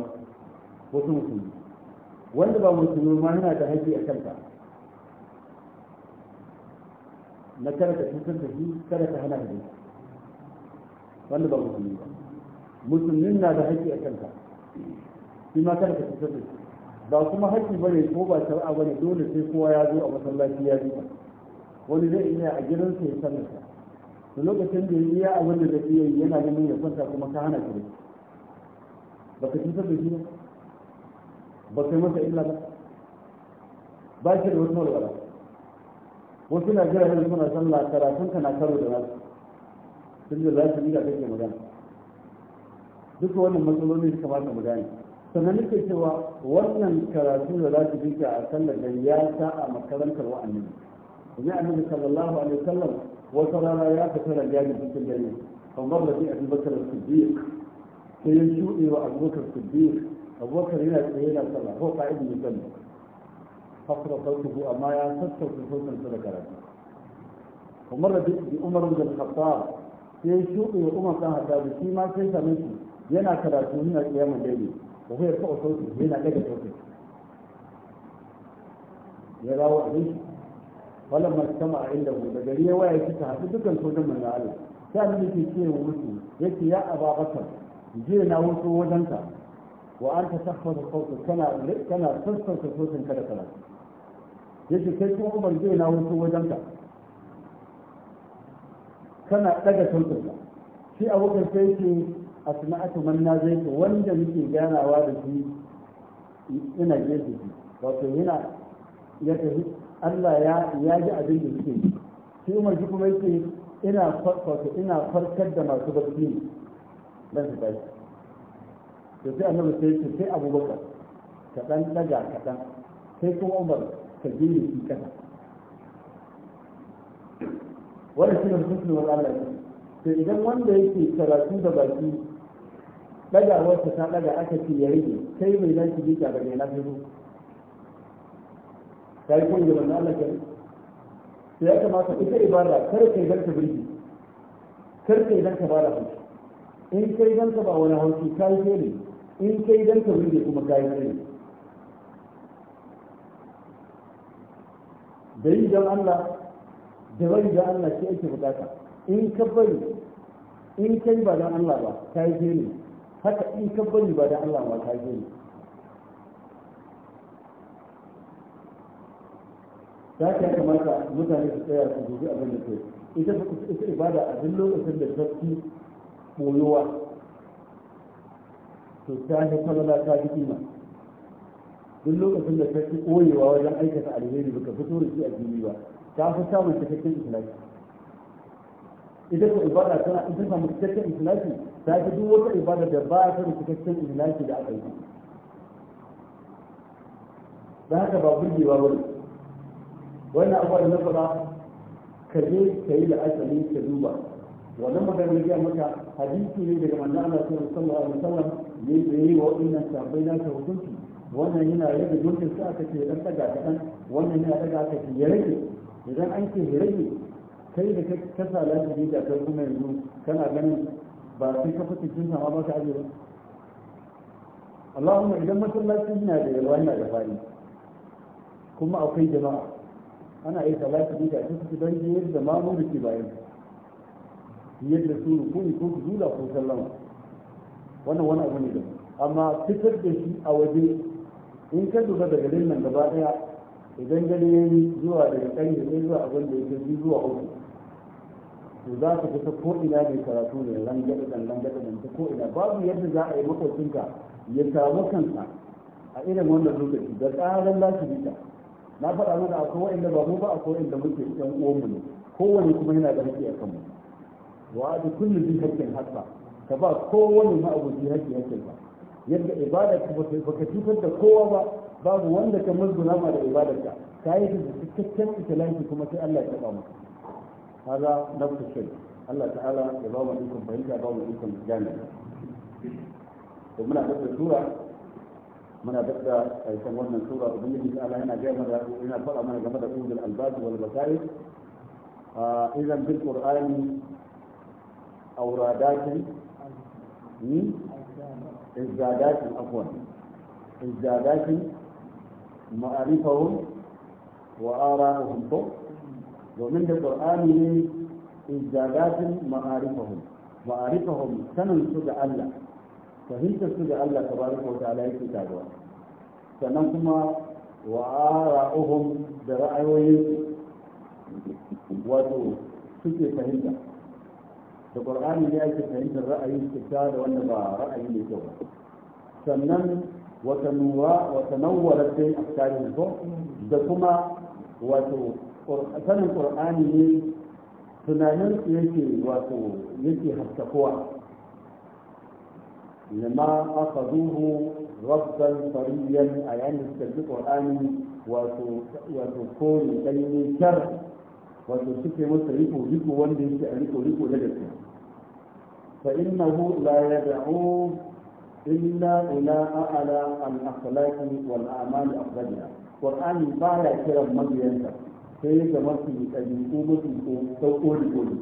wasu musulmi wanda ba musulmi ma yana da haƙƙi a kanta na karanta cutar da shi kada ta hana da wanda ba musulmi ba musulmin na da haƙƙi a kanta shi ma kada ka cutar da shi ba kuma haƙƙi ne ko ba shar'a ne dole sai kowa ya zo a masallaci ya ba. wani zai iya a gidansa ya sallata da lokacin da iya abin da zai iya yana ganin ya kwanta kuma ka hana shi ba ka cutar da shi ba ba kai masa illa ba ba shi da wata ba. wasu na jira yanzu suna sallah karatun ka na karo da nasu Sun da za su yi da kake magana duka wannan matsaloli suka ba mu gane sannan nake cewa wannan karatu da za su bi a sallar da ya sa a makarantar wa'annan domin annabi sallallahu alaihi wasallam wata rana ya fita da gani cikin dare kamar da bi abin bakar siddiq sai ya shuɗe wa abubakar siddiq abubakar yana tsaye na sallah ko ka'idin musamman فقط صوته أما ينسكر في صوت الفلك لك ومرة دي أمر من الخطار في شوقي وأمر كان هذا بشي ما كيف منكم ينا كراتونين الأيام الليلي وهو يرفع صوته ينا لك صوته يرى وحيش فلما استمع عنده بجرية ويكتها في دكا صوت من العالم كان في شيء ومسلم يكي يا أبا غسر جينا وصو وجنتا وأنت تحفظ الصوت كما كما تصفر في صوت كذا كذا yake kai kuma umar zai na wasu wajenka kana daga sautinka shi abokan sai ce a sana'atu manna zai ce wanda muke ganawa da shi ina gefe shi wato yana ya tafi Allah ya ya ji abin da suke yi shi umar shi kuma yake ina wato ina farkar da masu barci ne dan su tashi to sai annabi sai ce sai abubakar ka dan daga ka dan sai kuma umar ka je da shi kasa wannan shi ne hukunci wani Allah ne to idan wanda yake karatu da baki ɗagawarsa ta ɗaga aka ce ya rage kai mai nan shi ka daga na fito ta yi kuma wani Allah ke sai ya kamata ita ibada kar kai zanta birki, kar ka yi zanta ba da haushi in kai zanta ba wani haushi ka yi ne in kai zanta birgi kuma ka yi ne da yi don Allah da bari don Allah ke ake bukata in ka bari in kai ba don Allah ba ka yi gini haka in ka bari ba don Allah ba ka yi gini za ka kamata mutane su tsaya su dubi abin da ke ita ita ibada a duk lokacin da sarki koyowa to ta yi falala ta fi kima duk lokacin da ka fi koyewa wajen aikata alheri baka fito da shi a jini ba ta fi samun cikakken islami ita ko ibada tana ita samu cikakken islami ta fi duk wata ibada da ba ta da cikakken islami da aka yi da haka ba burgewa wani wannan abuwa da na faɗa ka je ka yi la'asali ka duba wannan magana da maka hadisi ne daga manzo Allah sallallahu alaihi wasallam ne da yi wa waɗannan sahabbai na hukunci wannan yana rage dokin sa aka ce dan daga kan wannan yana daga aka ce ya rage idan an ce ya rage kai da ka kasa lafiya da kai kuma yanzu kana ganin ba sai ka fita cikin sama ba ka aje ba Allahumma idan masallacin yana da yawa yana da fari kuma akwai jama'a ana yi salati da su su je yadda mamu da ke bayan yadda su rukuni ko zula ko sallama wannan wani abu ne da amma fitar da shi a waje in ka duba daga garin nan gaba daya idan gari ya yi zuwa daga ƙarfe ne zuwa abin da ya ke zuwa uku to za ka fita ko ina mai karatu da ran gaba dan ko ina babu yadda za a yi makwabcinka ya samu kansa a irin wannan lokaci da tsarin lashi bita na faɗa mana akwai wa'inda ba mu ba akwai wa'inda muke ɗan uwanmu ne kowane kuma yana da haƙƙi a kanmu wa da kullum bi haƙƙin ka ba kowane ma'abuci haƙƙi haƙƙin ba yadda ibadarka ba ka cutar da kowa ba babu wanda ka musguna ma da ibadarka ka yi da cikakken ikilanki kuma sai Allah ya taɓa maka kaga nafsu shai Allah ta'ala ya ba mu ikon fahimta ba mu ikon gane to muna da sura muna da karshen wannan sura ubangiji Allah yana ga mana yana faɗa mana game da ulul albab wal basair idan bil qur'ani awradatin izdadatin afwan izdadatin ma'arifahum wa arahum to domin da qur'ani ne izdadatin ma'arifahum ma'arifahum sanin su da Allah fahimtar su da Allah tabaraka wa ta'ala yake sannan kuma wa da ra'ayoyin wato suke fahimta da qur'ani ne ake fahimtar ra'ayin kyauta da wanda ba ra'ayi ne kyau ba sannan wata nuwa wata nawwarar dai a tarihin ko da kuma wato sanin qur'ani ne tunanin yake wato yake haskakowa lima zuhu rabban fariyan a yayin da suka ji wato wato ko ne kyar. wato suke masa riko riko wanda yake a riko riko na gaske fa innahu la yad'u illa ila a'la al akhlaqi wal a'mal afdaliha qur'ani baya kiran mabiyansa sai ga mafi ɗabi'u mafi sauko da koli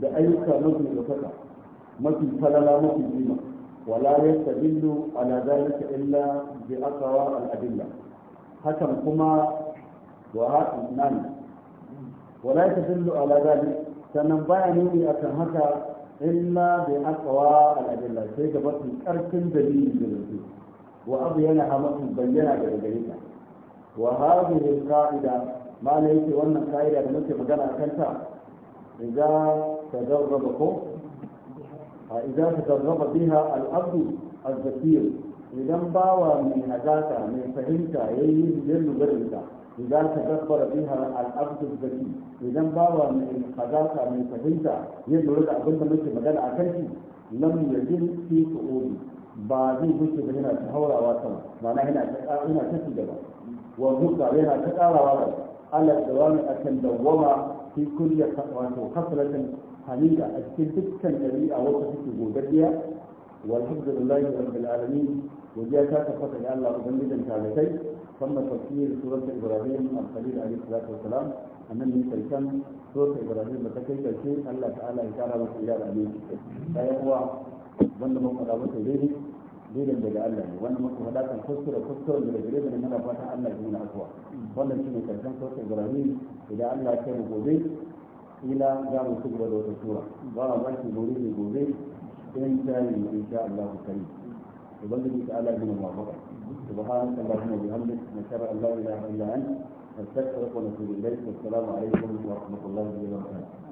da ayyuka mafi ɗaukaka mafi falala mafi jima. wala yastadillu ala zalika illa bi aqwa al adilla hakan kuma wa nan wala ta dillu ala zalik sannan baya nuni akan haka illa bi aqwa al adilla sai da mafi karfin dalili da zai wa abyana ha mafi bayyana daga gare ta wa hadhihi al ka'ida? ma la yake wannan qa'ida da muke magana akan ta idza tadarraba ko idza tadarraba biha al abdu al zakir idan bawa mai hazaka mai fahimta ya yayin yin lugarinta إذا تدبر فيها العبد الذكي إذا باوى من حذاك من فهمت يدرك أبنت مثل مجال أكنتي لم يجد في صعوده ba zai wuce ba yana ta haurawa sama ma'ana yana ta yana ta ci gaba wa zuka yana ta karawa ba ala da akan dawwama fi kulli wato kasratin hamida a cikin dukkan dabi'a wacce take godiya walhamdulillahi rabbil alamin godiya ta tabbata ga Allah ubangijin talakai ثم تفسير سورة إبراهيم الخليل عليه الصلاة والسلام أنني كان سورة إبراهيم تكيف شيء الله تعالى يتعالى وسيلة الأمين لا يقوى wanda muka faɗa masa daidai daidan daga Allah ne wanda muka faɗa kan kuskure kuskure daga gare mu muna fatan Allah ya nuna afuwa wannan shine karshen sautin Ibrahim idan Allah ya kai mu gobe ila za mu ci gaba da wata sura ba ma ba shi gobe ne gobe in ta yi Allah سبحانك اللهم وبحمدك نشهد ان لا اله الا انت نستغفرك ونتوب اليك والسلام عليكم ورحمه الله وبركاته